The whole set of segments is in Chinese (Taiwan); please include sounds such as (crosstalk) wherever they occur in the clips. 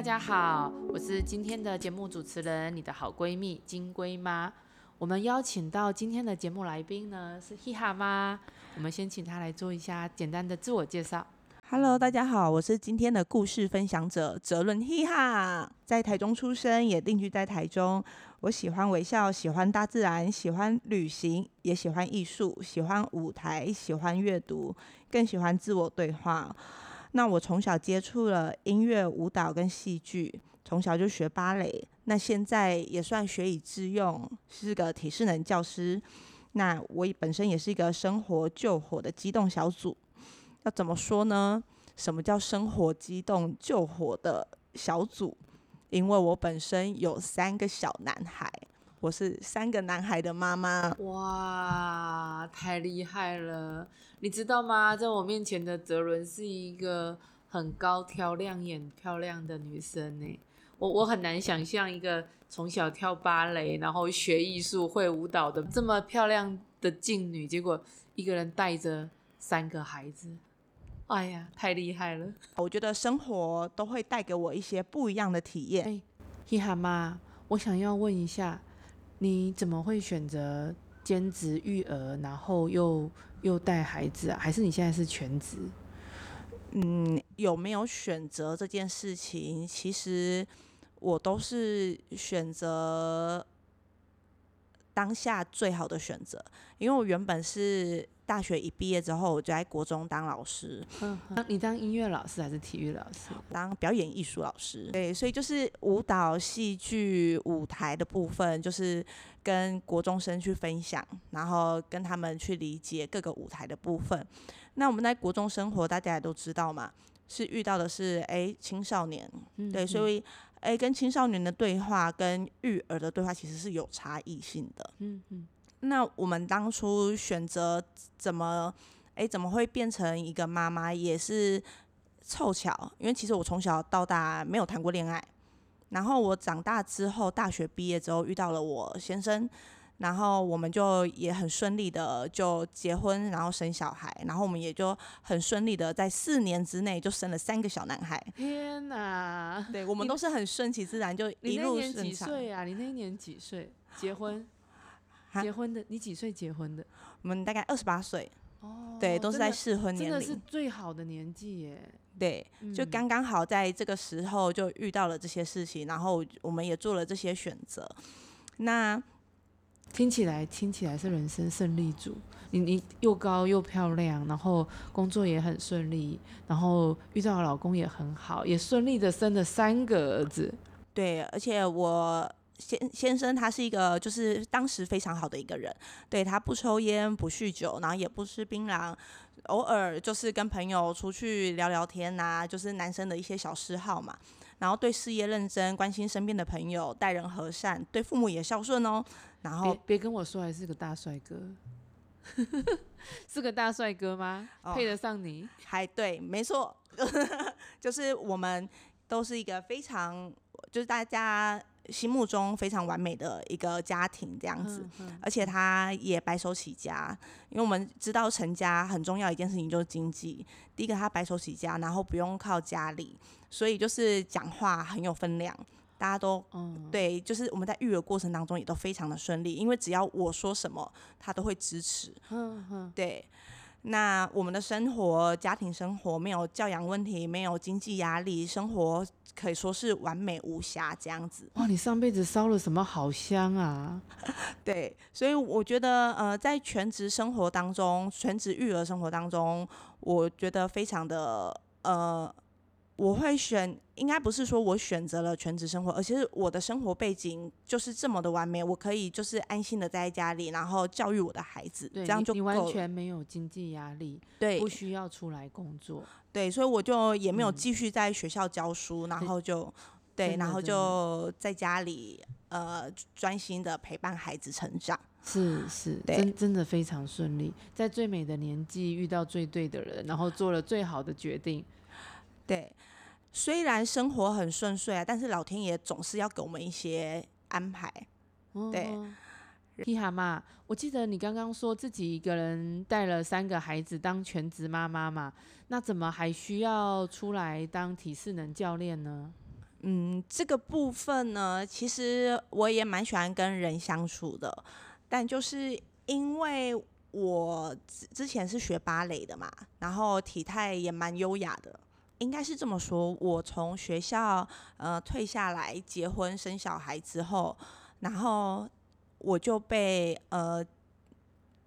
大家好，我是今天的節目主持人，你的好閨蜜金龜媽。我們邀請到今天的節目來賓呢，是嘻哈媽，我們先請她來做一下簡單的自我介紹。Hello，大家好，我是今天的故事分享者哲倫嘻哈，在台中出生，也定居在台中。我喜歡微笑，喜歡大自然，喜歡旅行，也喜歡藝術，喜歡舞台，喜歡閱讀，更喜歡自我對話。那我從小接觸了音樂、舞蹈跟戲劇，從小就學芭蕾。那現在也算學以致用，是個體適能教師。那我本身也是一個生活救火的機動小組。要怎麼說呢？什麼叫生活機動救火的小組？因為我本身有三個小男孩。我是三個男孩的媽媽，哇，太厲害了！你知道嗎？在我面前的澤倫是一個很高挑、亮眼、漂亮的女生呢。我我很難想象一個從小跳芭蕾，然後學藝術、會舞蹈的這麼漂亮的靜女，結果一個人帶着三個孩子，哎呀，太厲害了！我覺得生活都會帶給我一些不一樣的體驗。哎，嘻哈媽，我想要問一下。你怎麼會選擇兼職育兒，然後又又帶孩子啊？還是你現在是全職？嗯，有沒有選擇這件事情？其實我都是選擇。當下最好的選擇，因為我原本是大學一畢業之後，我就在國中當老師。嗯嗯，當你當音樂老師還是體育老師？當表演藝術老師。對，所以就是舞蹈、戲劇、舞台的部分，就是跟國中生去分享，然後跟他們去理解各個舞台的部分。那我們在國中生活，大家也都知道嘛，是遇到的是誒、欸、青少年，對，嗯嗯，所以。誒、欸，跟青少年的對話跟育兒的對話其實是有差異性的。嗯嗯，那我們當初選擇怎麼，誒、欸，怎麼會變成一個媽媽也是湊巧，因為其實我從小到大沒有談過戀愛，然後我長大之後，大學畢業之後遇到了我先生。然後我們就也很順利的就結婚，然後生小孩，然後我們也就很順利的在四年之內就生了三個小男孩。天哪！對，我們都是很順其自然，就一路順暢。你那一年幾歲啊？你那一年幾歲結婚？結婚的你幾歲結婚的？我們大概二十八歲。對，都是在適婚年齡，真的是最好的年紀耶。對，就剛剛好在這個時候就遇到了這些事情，然後我們也做了這些選擇。那聽起來，聽起來是人生勝利組，你你又高又漂亮，然後工作也很順利，然後遇到老公也很好，也順利的生了三個兒子。對，而且我先先生他是一個就是當時非常好的一個人，對，他不抽煙不酗酒，然後也不吃檳榔，偶爾就是跟朋友出去聊聊天吶、啊，就是男生的一些小嗜好嘛。然後對事業認真，關心身邊的朋友，待人和善，對父母也孝順哦。然後別別跟我說還是個大帥哥， (laughs) 是個大帥哥嗎？哦，配得上你？還對，沒錯， (laughs) 就是我們都是一個非常，就是大家。心目中非常完美的一個家庭這樣子，呵呵，而且他也白手起家，因為我們知道成家很重要一件事情就是經濟。第一個他白手起家，然後不用靠家裡，所以就是講話很有分量，大家都、嗯，對，就是我們在育兒過程當中也都非常的順利，因為只要我說什麼，他都會支持。呵呵，對。那我們的生活、家庭生活沒有教養問題，沒有經濟壓力，生活。可以說是完美無瑕這樣子。哇，你上輩子燒了什麼好香啊？ (laughs) 對，所以我覺得，呃，在全職生活當中，全職育兒生活當中，我覺得非常的，呃。我會選，應該不是說我選擇了全職生活，而且是我的生活背景就是這麼的完美，我可以就是安心的在家裡，然後教育我的孩子。對，這樣就你完全沒有經濟壓力。對，不需要出來工作，對，所以我就也沒有繼續在學校教書，嗯、然後就對，對，然後就在家裡呃專心的陪伴孩子成長，是是，對是是對，真的真的非常順利，在最美的年紀遇到最對的人，然後做了最好的決定，對。雖然生活很順遂啊，但是老天爺總是要給我們一些安排，嗯、對。嘻哈媽咪，我記得你剛剛說自己一個人帶了三個孩子當全職媽媽嘛，那怎麼還需要出來當體適能教練呢？嗯，這個部分呢，其實我也蠻喜歡跟人相處的，但就是因為我之之前是學芭蕾的嘛，然後體態也蠻優雅的。應該是這麼說，我從學校呃退下來，結婚生小孩之後，然後我就被呃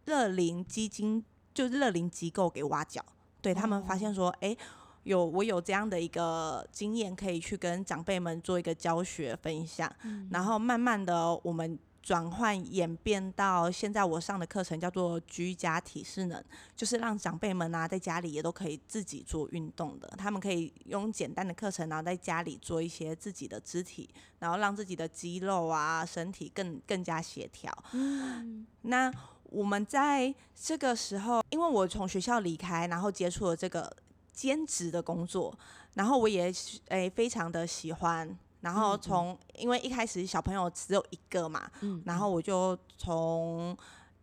樂齡基金就樂齡機構給挖角，對、哦、他們發現說，哎、欸，有我有這樣的一個經驗，可以去跟長輩們做一個教學分享，嗯、然後慢慢的我們。轉換演變到現在，我上的課程叫做居家體適能，就是讓長輩們啊在家裡也都可以自己做運動的。他們可以用簡單的課程，然後在家裡做一些自己的肢體，然後讓自己的肌肉啊身體更更加協調。嗯。那我們在這個時候，因為我從學校離開，然後接觸了這個兼職的工作，然後我也誒、欸，非常的喜歡。然後從、嗯嗯，因為一開始小朋友只有一個嘛，嗯嗯，然後我就從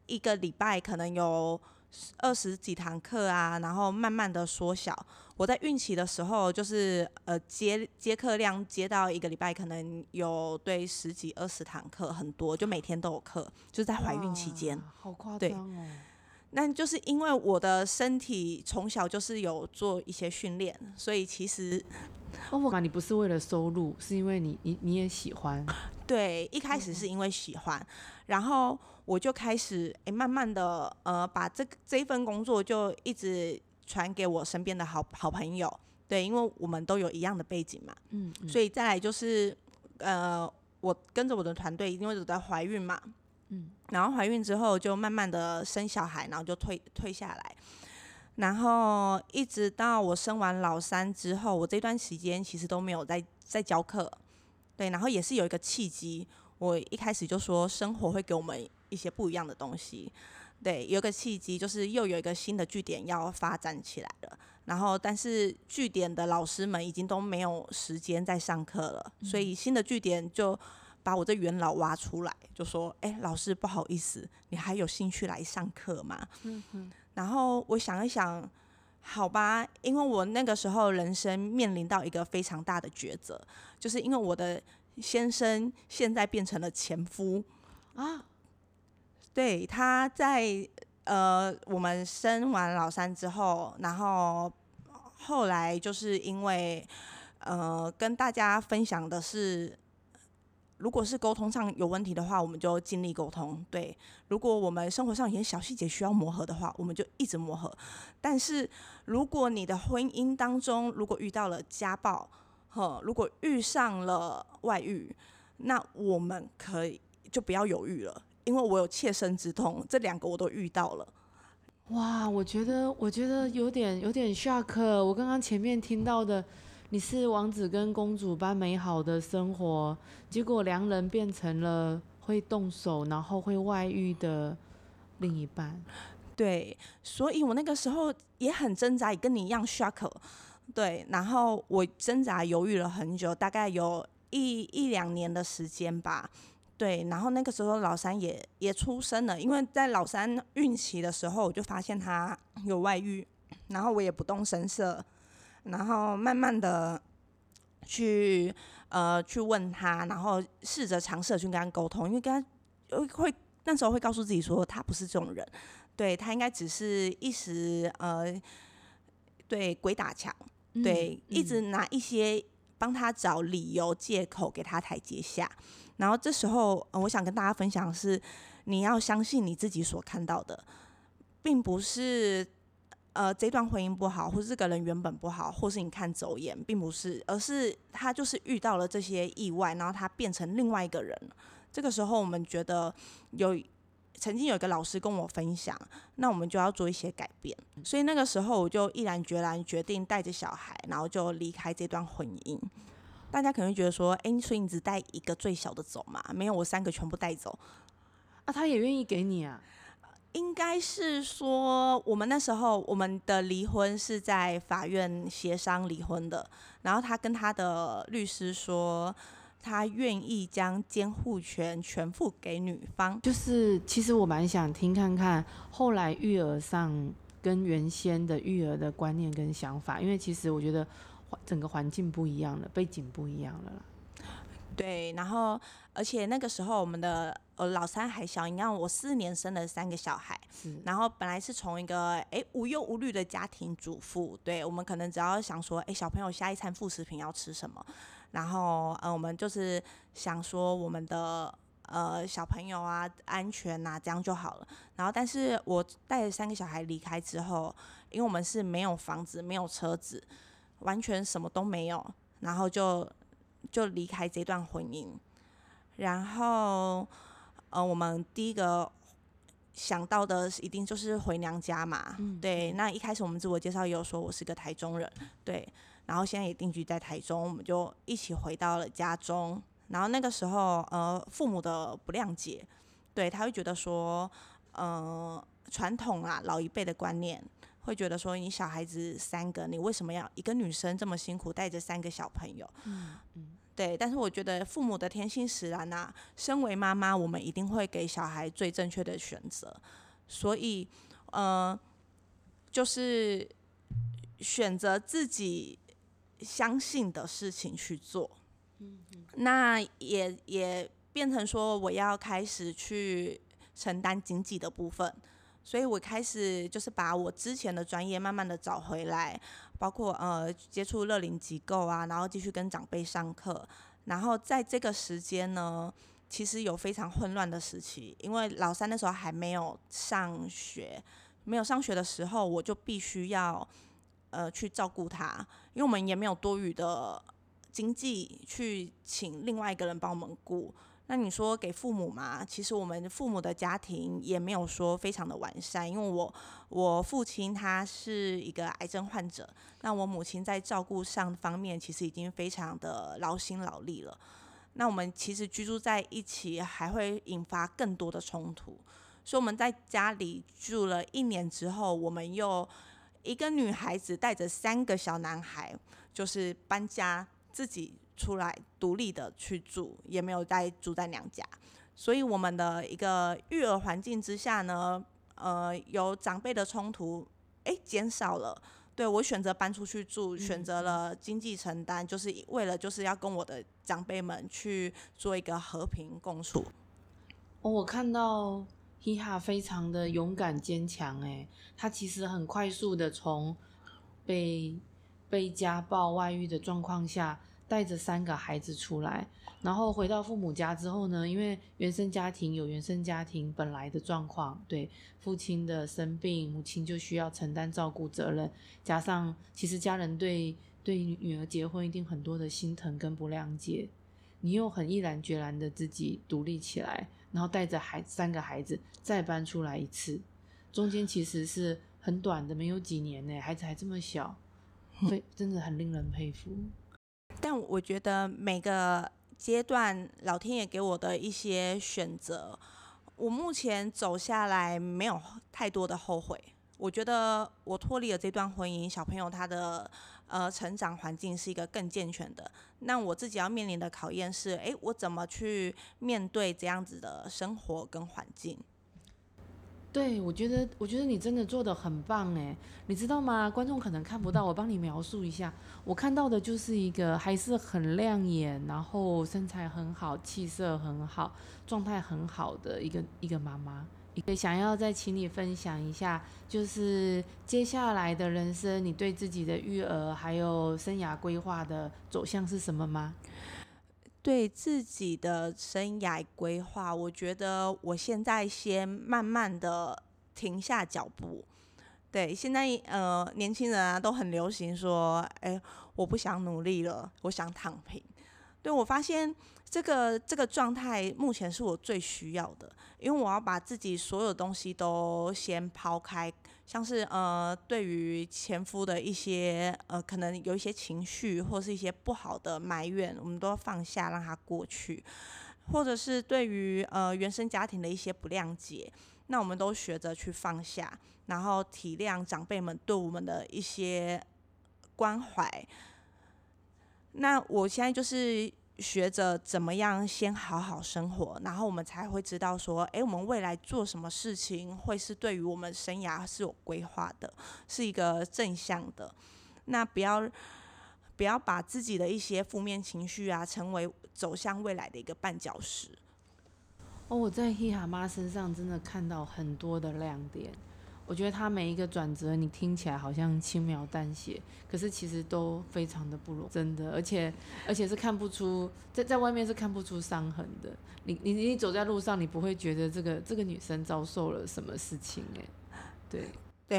一個禮拜可能有二十幾堂課啊，然後慢慢的縮小。我在孕期的時候，就是呃接接課量接到一個禮拜可能有對十幾二十堂課，很多，就每天都有課，就是在懷孕期間。對。好誇張哦。那就是因為我的身體從小就是有做一些訓練，所以其實，不管你不是為了收入，是因為你你你也喜歡。對，一開始是因為喜歡，然後我就開始哎、欸、慢慢的呃把這這一份工作就一直傳給我身邊的好好朋友，對，因為我們都有一樣的背景嘛，嗯，所以再來就是呃我跟着我的團隊，因為我在懷孕嘛。嗯，然後懷孕之後就慢慢的生小孩，然後就退退下來，然後一直到我生完老三之後，我這段時間其實都沒有在在教課，對，然後也是有一個契機，我一開始就說生活會給我們一些不一樣的東西，對，有一個契機就是又有一個新的據點要發展起來了，然後但是據點的老師們已經都沒有時間再上課了，所以新的據點就。把我這元老挖出來，就說：“哎，老師，不好意思，你還有興趣來上課嗎？”嗯哼。然後我想一想，好吧，因為我那個時候人生面臨到一個非常大的抉擇，就是因為我的先生現在變成了前夫啊。對，他在呃，我們生完老三之後，然後後來就是因為呃，跟大家分享的是。如果是溝通上有問題的話，我們就盡力溝通。對，如果我們生活上有些小細節需要磨合的話，我們就一直磨合。但是如果你的婚姻當中如果遇到了家暴，呵，如果遇上了外遇，那我們可以就不要猶豫了，因為我有切身之痛，這兩個我都遇到了。哇，我覺得我覺得有點有點 shock。我剛剛前面聽到的。你是王子跟公主般美好的生活，結果良人變成了會動手，然後會外遇的另一半。對，所以我那個時候也很掙扎，也跟你一樣 shock，對，然後我掙扎猶豫了很久，大概有一一兩年的時間吧。對，然後那個時候老三也也出生了，因為在老三孕期的時候，我就發現他有外遇，然後我也不動聲色。然後慢慢的去呃、去問他，然後試着嘗試去跟他溝通，因為跟他會會那時候會告訴自己說，他不是這種人，對，他應該只是一時呃、對鬼打牆，對、嗯、一直拿一些幫他找理由借口給他台階下，然後這時候、呃、我想跟大家分享的是，你要相信你自己所看到的，並不是。呃，這段婚姻不好，或是這個人原本不好，或是你看走眼，並不是，而是他就是遇到了這些意外，然後他變成另外一個人。這個時候，我們覺得有曾經有一個老師跟我分享，那我們就要做一些改變。所以那個時候，我就毅然決然決定帶着小孩，然後就離開這段婚姻。大家可能覺得說，欸，所以你只帶一個最小的走嘛，沒有，我三個全部帶走。啊，他也願意給你啊。應該是說，我們那時候我們的離婚是在法院協商離婚的，然後他跟他的律師說，他願意將監護權全部給女方。就是，其實我蠻想聽看看，後來育兒上跟原先的育兒的觀念跟想法，因為其實我覺得整個環境不一樣了，背景不一樣了。對，然後而且那個時候我們的呃老三還小，你看我四年生了三個小孩，嗯、然後本來是從一個哎無憂無慮的家庭主婦，對我們可能只要想說哎小朋友下一餐副食品要吃什麼，然後、呃、我們就是想說我們的呃小朋友啊安全吶、啊、這樣就好了。然後但是我帶着三個小孩離開之後，因為我們是沒有房子、沒有車子，完全什麼都沒有，然後就。就離開這段婚姻，然後，呃，我們第一個想到的一定就是回娘家嘛。嗯、對，那一開始我們自我介紹也有說我是個台中人，對，然後現在也定居在台中，我們就一起回到了家中。然後那個時候，呃，父母的不諒解，對，他會覺得說，呃，傳統啊，老一輩的觀念。會覺得說你小孩子三個，你為什麼要一個女生這麼辛苦帶着三個小朋友？嗯，對。但是我覺得父母的天性使然吶啊，身為媽媽，我們一定會給小孩最正確的選擇。所以，呃，就是選擇自己相信的事情去做。嗯。嗯，那也也變成說，我要開始去承擔經濟的部分。所以我開始就是把我之前的專業慢慢的找回來，包括呃接觸樂齡機構啊，然後繼續跟長輩上課。然後在這個時間呢，其實有非常混亂的時期，因為老三那時候還沒有上學，沒有上學的時候，我就必須要呃去照顧他，因為我們也沒有多餘的經濟去請另外一個人幫我們顧。那你說給父母嘛？其實我們父母的家庭也沒有說非常的完善，因為我我父親他是一個癌症患者，那我母親在照顧上方面其實已經非常的勞心勞力了。那我們其實居住在一起還會引發更多的衝突，所以我們在家裡住了一年之後，我們又一個女孩子帶着三個小男孩，就是搬家自己。出來獨立的去住，也沒有再住在娘家，所以我們的一個育兒環境之下呢，呃，有長輩的衝突，哎，減少了。對，我選擇搬出去住，選擇了經濟承擔，嗯，就是為了就是要跟我的長輩們去做一個和平共處。哦，我看到嘻哈非常的勇敢堅強，哎，他其實很快速的從被被家暴、外遇的狀況下，帶着三個孩子出來，然後回到父母家之後呢，因為原生家庭有原生家庭本來的狀況，對父親的生病，母親就需要承擔照顧責任，加上其實家人對對女兒結婚一定很多的心疼跟不諒解。你又很毅然決然的自己獨立起來，然後帶着孩三個孩子再搬出來一次，中間其實是很短的，沒有幾年呢。欸，孩子還這麼小，真真的很令人佩服。但我覺得每個階段，老天爺給我的一些選擇，我目前走下來沒有太多的後悔。我覺得我脫離了這段婚姻，小朋友他的呃成長環境是一個更健全的。那我自己要面臨的考驗是：誒，我怎麼去面對這樣子的生活跟環境？對，我覺得，我覺得你真的做得很棒哎，你知道嗎？觀眾可能看不到，我幫你描述一下，我看到的就是一個還是很亮眼，然後身材很好，氣色很好，狀態很好的一個一個媽媽。也想要再請你分享一下，就是接下來的人生，你對自己的育兒還有生涯規劃的走向是什麼嗎？對自己的生涯規劃，我覺得我現在先慢慢的停下腳步。對，現在呃，年輕人啊都很流行說：“哎，我不想努力了，我想躺平。對”對，我發現。這個這個狀態目前是我最需要的，因為我要把自己所有東西都先拋開，像是呃，對於前夫的一些呃，可能有一些情緒或是一些不好的埋怨，我們都放下，讓他過去；或者是對於呃原生家庭的一些不諒解，那我們都學着去放下，然後體諒長輩們對我們的一些關懷。那我現在就是。學着怎麼樣先好好生活，然後我們才會知道說，誒、欸，我們未來做什麼事情會是對於我們生涯是有規劃的，是一個正向的。那不要不要把自己的一些負面情緒啊，成為走向未來的一個絆腳石。哦，我在嘻哈媽身上真的看到很多的亮點。我覺得他每一個轉折，你聽起來好像輕描淡寫，可是其實都非常的不容易。真的，而且而且是看不出在在外面是看不出傷痕的。你你你走在路上，你不會覺得這個這個女生遭受了什麼事情誒、欸？對。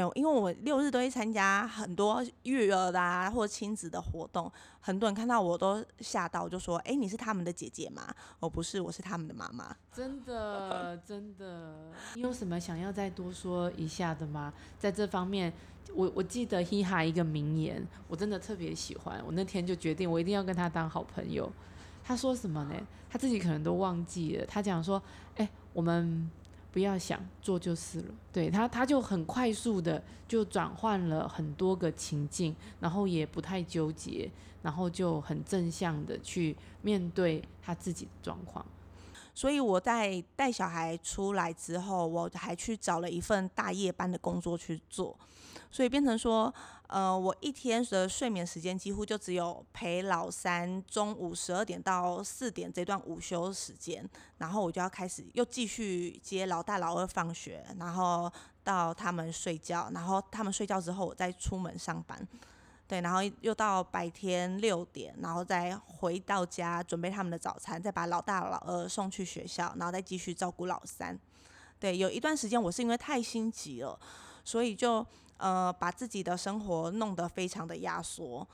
對，因為我六日都會參加很多育兒的啊，或者親子的活動，很多人看到我都嚇到，就說：“哎、欸，你是他們的姐姐嗎？”我不是，我是他們的媽媽。真的，真的。 (laughs) 你有什麼想要再多說一下的嗎？在這方面，我我記得嘻哈一個名言，我真的特別喜歡。我那天就決定，我一定要跟他當好朋友。他說什麼呢？他自己可能都忘記了。他講說：“哎、欸，我們。”不要想做就是了。對，他他就很快速的就轉換了很多個情境，然後也不太糾結，然後就很正向的去面對他自己的狀況。所以我在帶小孩出來之後，我還去找了一份大夜班的工作去做，所以變成說，呃，我一天的睡眠時間幾乎就只有陪老三中午十二點到四點這段午休時間，然後我就要開始又繼續接老大、老二放學，然後到他們睡覺，然後他們睡覺之後，我再出門上班。對，然後又到白天六點，然後再回到家準備他們的早餐，再把老大老二，送去學校，然後再繼續照顧老三。對，有一段時間我是因為太心急了，所以就呃把自己的生活弄得非常的壓縮。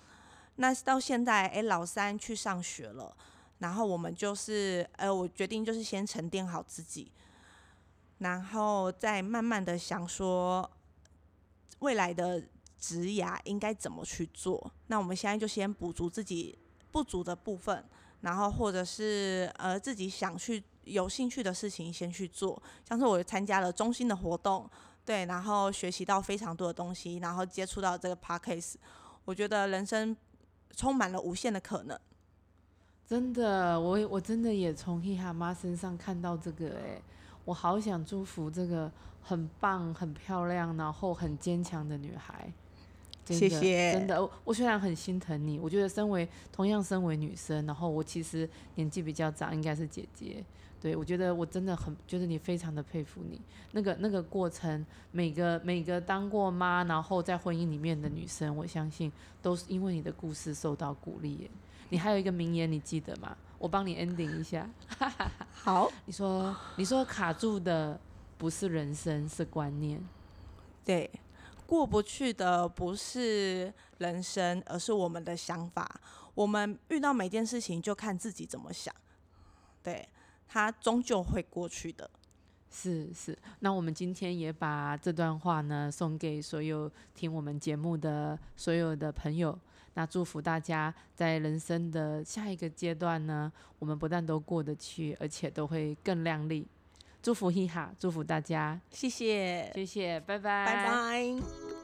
那到現在，誒，老三去上學了，然後我們就是呃，我決定就是先沉澱好自己，然後再慢慢的想說未來的。職牙應該怎麼去做？那我們現在就先補足自己不足的部分，然後或者是呃自己想去有興趣的事情先去做。像是我參加了中心的活動，對，然後學習到非常多的東西，然後接觸到這個 p a c k e s 我覺得人生充滿了無限的可能。真的，我我真的也從 h e 媽身上看到這個、欸，我好想祝福這個很棒、很漂亮，然後很堅強的女孩。謝謝，真的我，我雖然很心疼你，我覺得身為同樣身為女生，然後我其實年紀比較長，應該是姐姐，對。我覺得我真的很覺得你非常的佩服你那個那個過程，每個每個當過媽，然後在婚姻裡面的女生，我相信都是因為你的故事受到鼓勵。你還有一個名言，你記得嗎？我幫你 ending 一下， (laughs) 好，你說你說卡住的不是人生，是觀念，對。過不去的不是人生，而是我們的想法。我們遇到每件事情，就看自己怎麼想。對，它終究會過去的。是是，那我們今天也把這段話呢，送給所有聽我們節目的所有的朋友。那祝福大家在人生的下一個階段呢，我們不但都過得去，而且都會更亮麗。祝福嘻哈，祝福大家，謝謝，謝謝，拜拜，拜拜，拜拜。